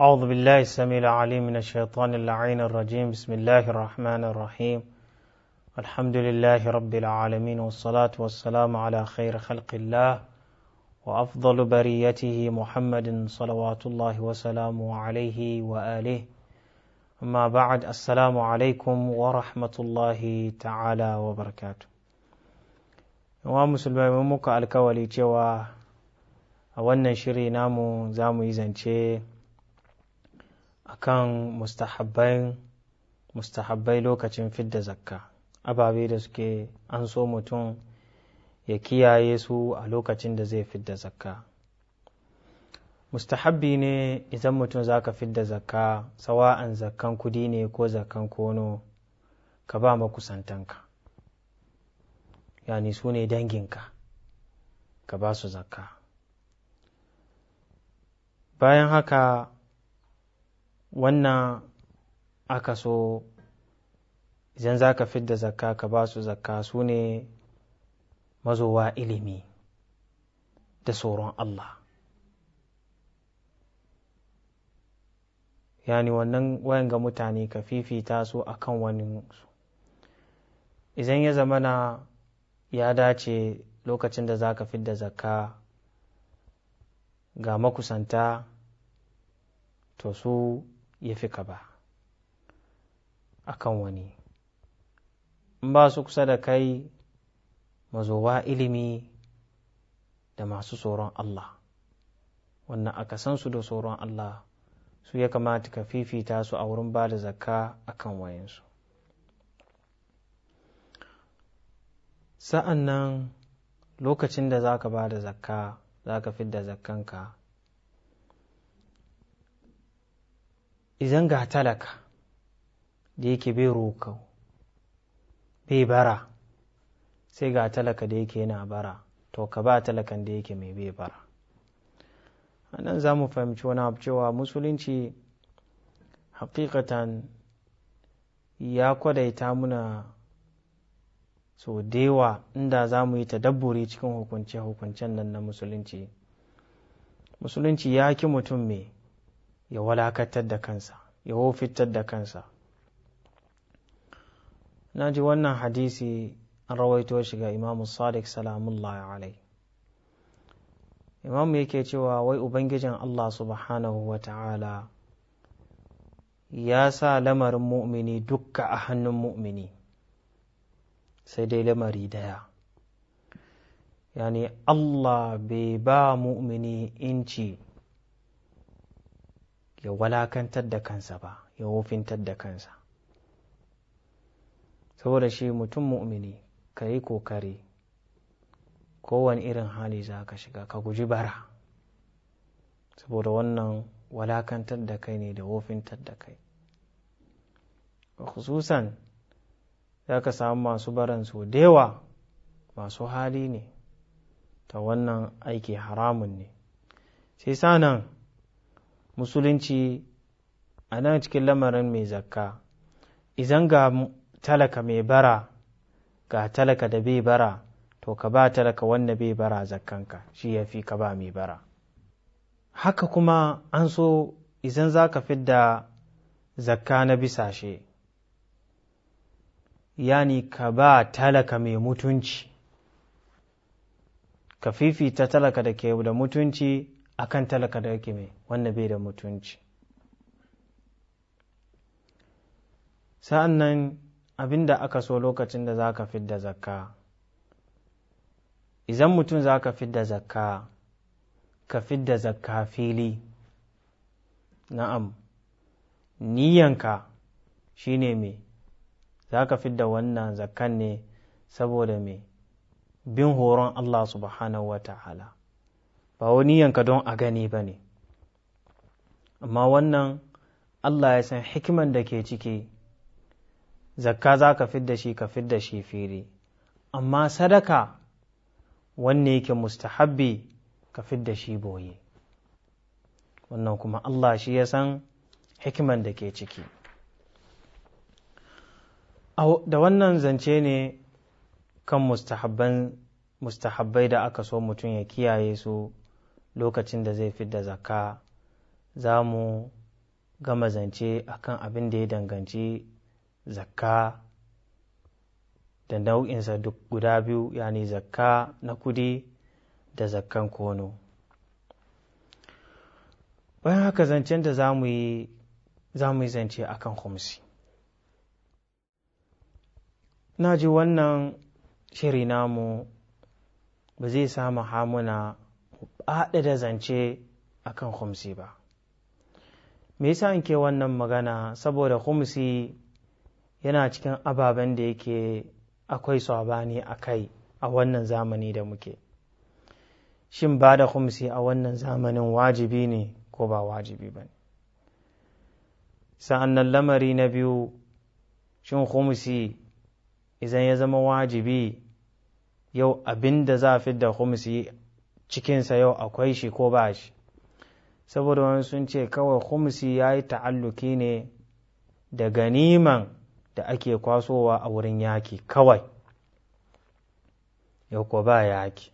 أعوذ بالله السميع العليم من الشيطان اللعين الرجيم بسم الله الرحمن الرحيم الحمد لله رب العالمين والصلاة والسلام على خير خلق الله وأفضل بريته محمد صلوات الله وسلامه عليه وآله أما بعد السلام عليكم ورحمة الله تعالى وبركاته ومسلمين muka alkawali cewa a wannan shiri namu za mu yi zance Kan mustahabbai mustahabbai lokacin fidda zakka ababe da suke an so mutum ya kiyaye su a lokacin da zai fidda zakka mustahabbi ne idan mutum za ka fidda zakka sawa'an zakkan kudi ne ko zakkan kono ka ba makusantanka yani su ne danginka ka ba su zakka bayan haka wannan aka so idan za ka fidda zakka ka ba su zakka su ne mazowa ilimi da tsoron Allah yani wannan wayan ga mutane ka fifita su a kan wani su izan ya zamana ya dace lokacin da za ka fidda zakka ga makusanta to su ya fi ka ba a kan wani in ba su kusa da kai mazowa ilimi da masu tsoron Allah wannan aka san su da tsoron Allah su ya kamata ka fifita su a wurin ba da zakka a kan wayansu sa'an nan lokacin da za ka ba da zakka za ka fidda zakkanka idan ga talaka da yake bai roƙo bai bara sai ga talaka da yake yana bara to ka ba talakan da yake mai bai bara a nan za mu fahimci wani abu cewa musulunci hakikatan ya kwadaita muna so dewa inda za mu yi tadabburi cikin hukunce-hukuncen nan na musulunci musulunci ya ki mutum mai ya walakatar da kansa ya wofitar da kansa na ji wannan hadisi an rawaito shi ga imamu sadiq salamullahi alai imamu yake cewa wai ubangijin allah subhanahu wa ta'ala ya sa lamarin mu'mini dukka a hannun mu'mini sai dai lamari daya yani allah bai ba mu'mini inci ya walakantar da kansa ba ya wofintar da kansa saboda shi mutum mu'mini ka yi kokari kowane irin hali za ka shiga ka guji bara saboda wannan walakantar da kai ne da wofintar da kai khususan za ka samu masu baran su da masu hali ne ta wannan aiki haramun ne sai sanan musulunci a nan cikin lamarin mai zakka izan ga talaka mai bara ga talaka da bai bara to ka ba talaka wanda bai bara zakkanka shi ya fi ka ba mai bara haka kuma an so izan za ka fidda zakka na bisashe yani ka ba talaka mai mutunci ka fifita talaka da ke da mutunci a kan talaka da yake mai wanda bai da mutunci sa'an abin da aka so lokacin da za ka fidda zakka idan mutum za ka fidda zakka ka fidda zakka fili na'am niyanka ne me za ka fidda wannan zakkan ne saboda mai bin horon Allah subhanahu wa ta'ala ba wani yanka don a gani ba ne amma wannan Allah ya san hikiman da ke ciki zakka za ka fidda shi ka fidda shi fili amma sadaka wanne yake mustahabbi ka fidda shi boye wannan kuma Allah shi ya san hikiman da ke ciki da wannan zance ne kan mustahabbai da aka so mutum ya kiyaye su lokacin da zai fi da zakka za mu gama zance kan abin da ya danganci zakka da nau'insa duk guda biyu yani zakka na kudi da zakkan kono bayan haka zancen da za mu yi zance kan humsi na ji wannan shiri namu ba zai samu hamuna da zance a kan khumsi ba me yasa in ke wannan magana saboda khumsi yana cikin ababen da yake akwai sabani a kai a wannan zamani da muke shin ba da khumsi a wannan zamanin wajibi ne ko ba wajibi ba ne sa'an lamari na biyu shin khumsi idan ya zama wajibi yau abin da za a da khumsi cikinsa yau akwai shi ko ba shi saboda wani sun ce kawai khumsi ya yi ta'alluki ne da ganiman da ake kwasowa a wurin yaki kawai yau ko ba yaki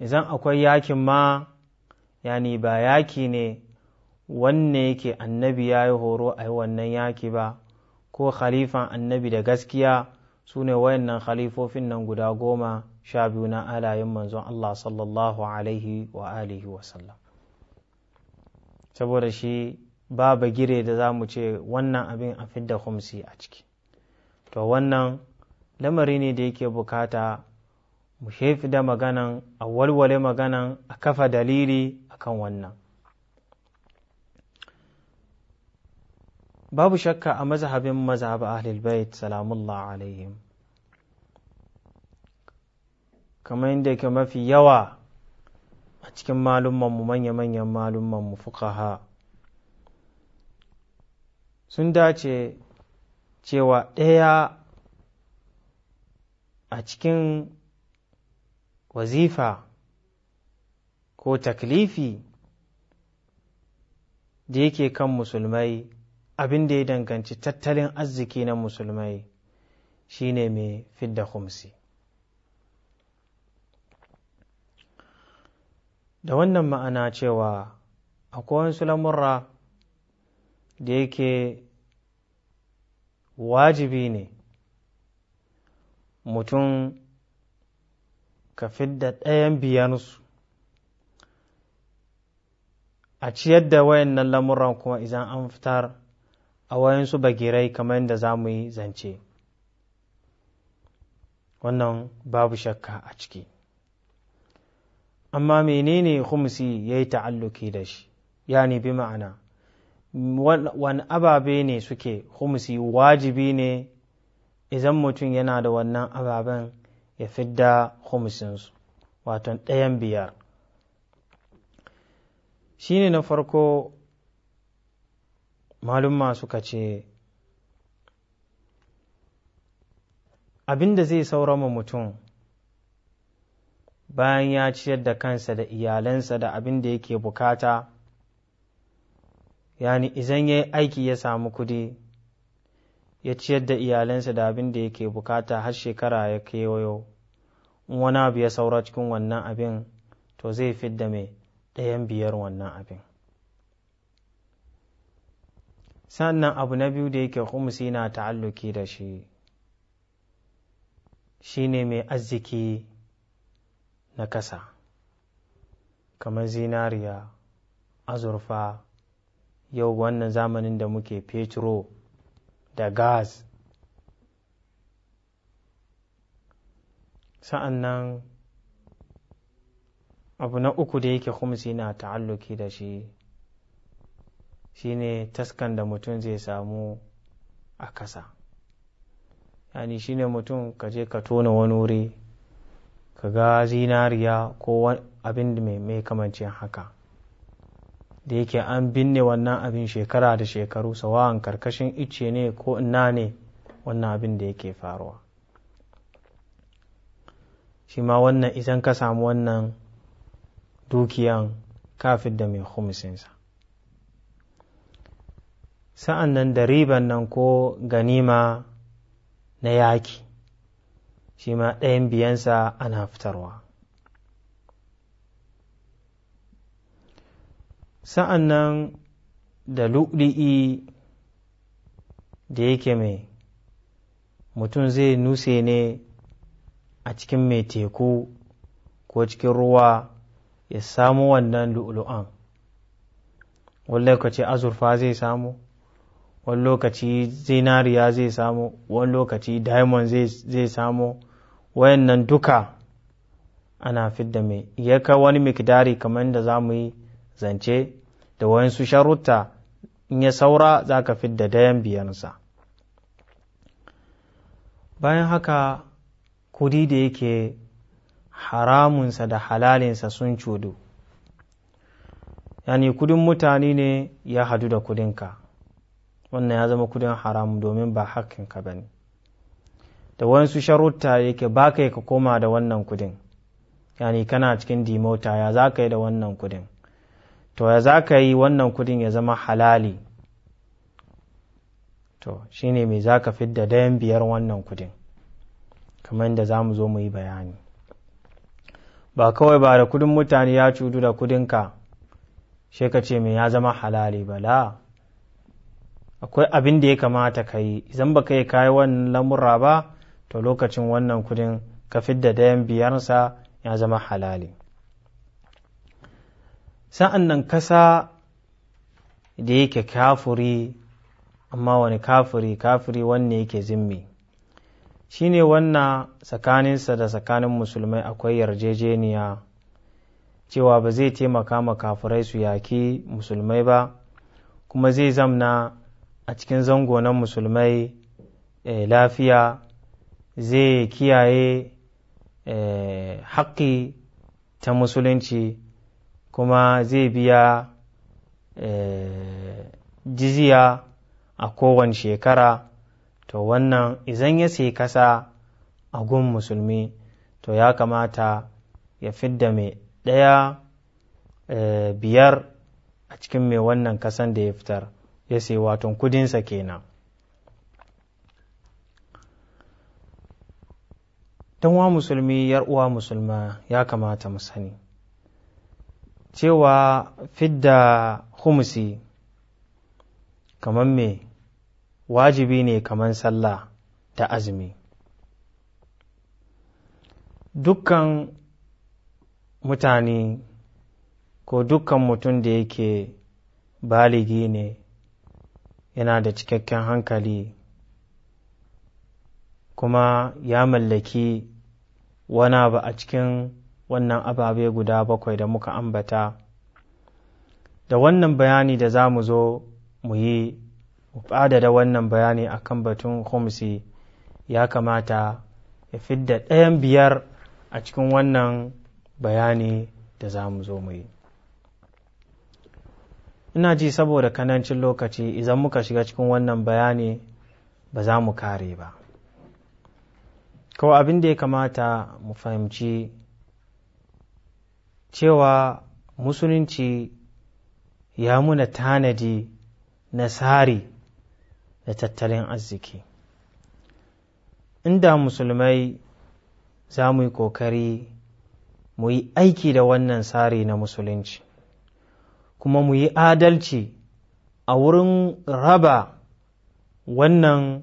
idan akwai yakin ma yani ba yaki ne wanne yake annabi ya yi horo a yi wannan yaki ba ko khalifan annabi da gaskiya su ne wayannan khalifofin nan guda goma sha biyu na alayin manzon Allah sallallahu alaihi wa alihi wa sallam saboda shi babu gire da za mu ce wannan abin a fidda humsi a ciki to wannan lamari ne da yake bukata mu shefi da maganan a walwale maganan a kafa dalili akan wannan babu shakka a mazhabin mazhab ahlul bait salamullah alaihim kamar yadda ke mafi yawa a cikin malummanmu manya-manyan malummanmu fukaha sun dace cewa ɗaya a cikin wazifa ko taklifi da yake kan musulmai abin da ya danganci tattalin arziki na musulmai shine mai fidda khumsi da wannan ma'ana cewa akwai wasu lamurra da yake wajibi ne mutum ka fidda ɗayan biyansu a ciyar da wayannan lamuran kuma idan an fitar a wayan wayansu bagirai kamar yadda za mu yi zance wannan babu shakka a ciki amma menene khumsi ya yi ta'alluki da shi yani bi ma'ana wani ababe ne suke khumsi wajibi ne idan mutum yana da wannan ababen ya fidda khumsinsu waton ɗayan biyar shi ne na farko malumma suka ce abin da zai saurama mutum bayan ya ciyar da kansa da iyalansa da abin da yake bukata yani izan ya yi aiki ya samu kudi ya ciyar da iyalansa da abin da yake bukata har shekara ya kewayo in wani abu ya saura cikin wannan abin to zai fi da mai ɗayan biyar wannan abin sannan abu na biyu da yake kumsi na ta'alluki da shi shine mai arziki na kasa kamar zinariya azurfa yau wannan zamanin da muke petro da gas sa'an nan abu na uku da yake humsi na ta'alluki da shi shine taskan da mutum zai samu a kasa yani shine mutum ka je ka tona wani wuri ka ga zinariya ko abin da mai kamancin haka da yake an binne wannan abin shekara da shekaru sawa'an karkashin icce ne ko ina ne wannan abin da yake faruwa shi ma wannan isan ka samu wannan dukiyan kafin da mai humsinsa sa'an nan da riban nan ko ganima na yaki shi ma ɗayan biyansa ana fitarwa sa'an nan da lu'li'i da yake mai mutum zai nuse ne a cikin mai teku ko cikin ruwa ya samu wannan lu'lu'an wani lokaci azurfa zai samu wani lokaci zinariya zai samu wani lokaci diamond zai samu wayannan duka ana fidda mai ya ka wani mikidari kamar da za mu yi zance da wayansu sharuta in ya saura za ka fidda dayan biyarsa. bayan haka kudi da yake haramunsa da halalinsa sun cudu yani kudin mutane ne ya hadu da kudinka wannan ya zama kudin haramu domin ba hakkinka ba ne da wasu sharutta yake ba ka ka koma da wannan kudin yani kana cikin dimota ya za ka yi da wannan kudin to ya za ka yi wannan kudin ya zama halali to shi ne mai za ka fidda dayan biyar wannan kudin kamar yadda za mu zo mu yi bayani ba kawai ba da kudin mutane ya cudu da kudinka shi ka ce mai ya zama halali ba la akwai abin da ya kamata ka yi idan ba ka yi kayi wannan lamura ba to lokacin wannan kudin ka fidda dayan biyarsa ya zama halali sa'an nan kasa da yake kafuri amma wani kafuri kafuri wanne yake zimmi shine wannan tsakaninsa da tsakanin musulmai akwai yarjejeniya cewa ba zai taimaka ma kafurai su yaki musulmai ba kuma zai zamna a cikin zango na musulmai eh, lafiya zai kiyaye eh, haƙƙi ta musulunci kuma zai biya eh, jiziya a kowane shekara to wannan izan ya sai kasa a gun musulmi to ya kamata ya fidda mai ɗaya eh, biyar a cikin mai wannan kasan da ya fitar ya sai waton kudinsa kenan dan wa musulmi yar uwa musulma ya kamata mu sani cewa fidda humusi kamar me wajibi ne kamar sallah da azumi dukkan mutane ko dukkan mutum da yake baligi ne yana da cikakken hankali kuma ya mallaki Wana ba a cikin wannan ababe guda bakwai da muka ambata da wannan bayani da za mu zo mu yi da wannan bayani a kan batun homsi ya kamata ya fidda ɗayan biyar a cikin wannan bayani da za mu zo mu yi ina ji saboda kanancin lokaci idan muka shiga cikin wannan bayani ba za mu kare ba kawai abin da ya kamata mu fahimci cewa musulunci ya muna tanadi na tsari da tattalin arziki inda musulmai za mu yi ƙoƙari mu yi aiki da wannan tsari na musulunci kuma mu yi adalci a wurin raba wannan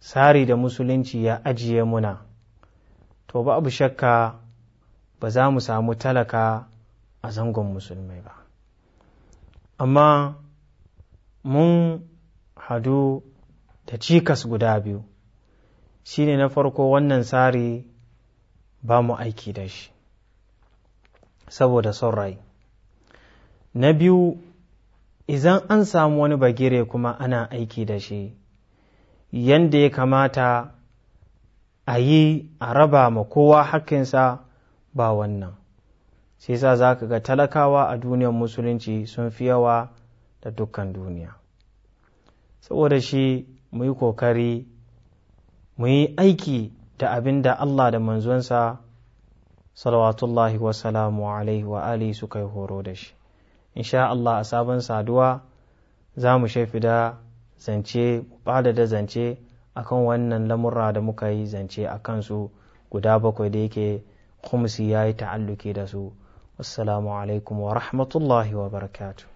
tsari da musulunci ya ajiye muna to babu shakka ba za mu samu talaka a zangon musulmai ba amma mun hadu da cikas guda biyu shine na farko wannan tsari ba mu aiki da shi saboda son rai na biyu idan an samu wani bagire kuma ana aiki da shi yadda ya kamata a yi a raba ma kowa hakkinsa ba wannan sai sa za ka ga talakawa a duniyar musulunci sun fi yawa da dukkan duniya saboda shi mu yi kokari mu yi aiki da abin da Allah da manzonsa salawatullahi wasalamu alaihi wa ali suka yi horo da shi insha Allah a sabon saduwa za mu shafi da zance mu da zance akan wannan lamurra da muka yi zance a kansu guda bakwai da yake khumsi ya yi ta'alluki da su assalamu alaikum wa rahmatullahi wa barakatu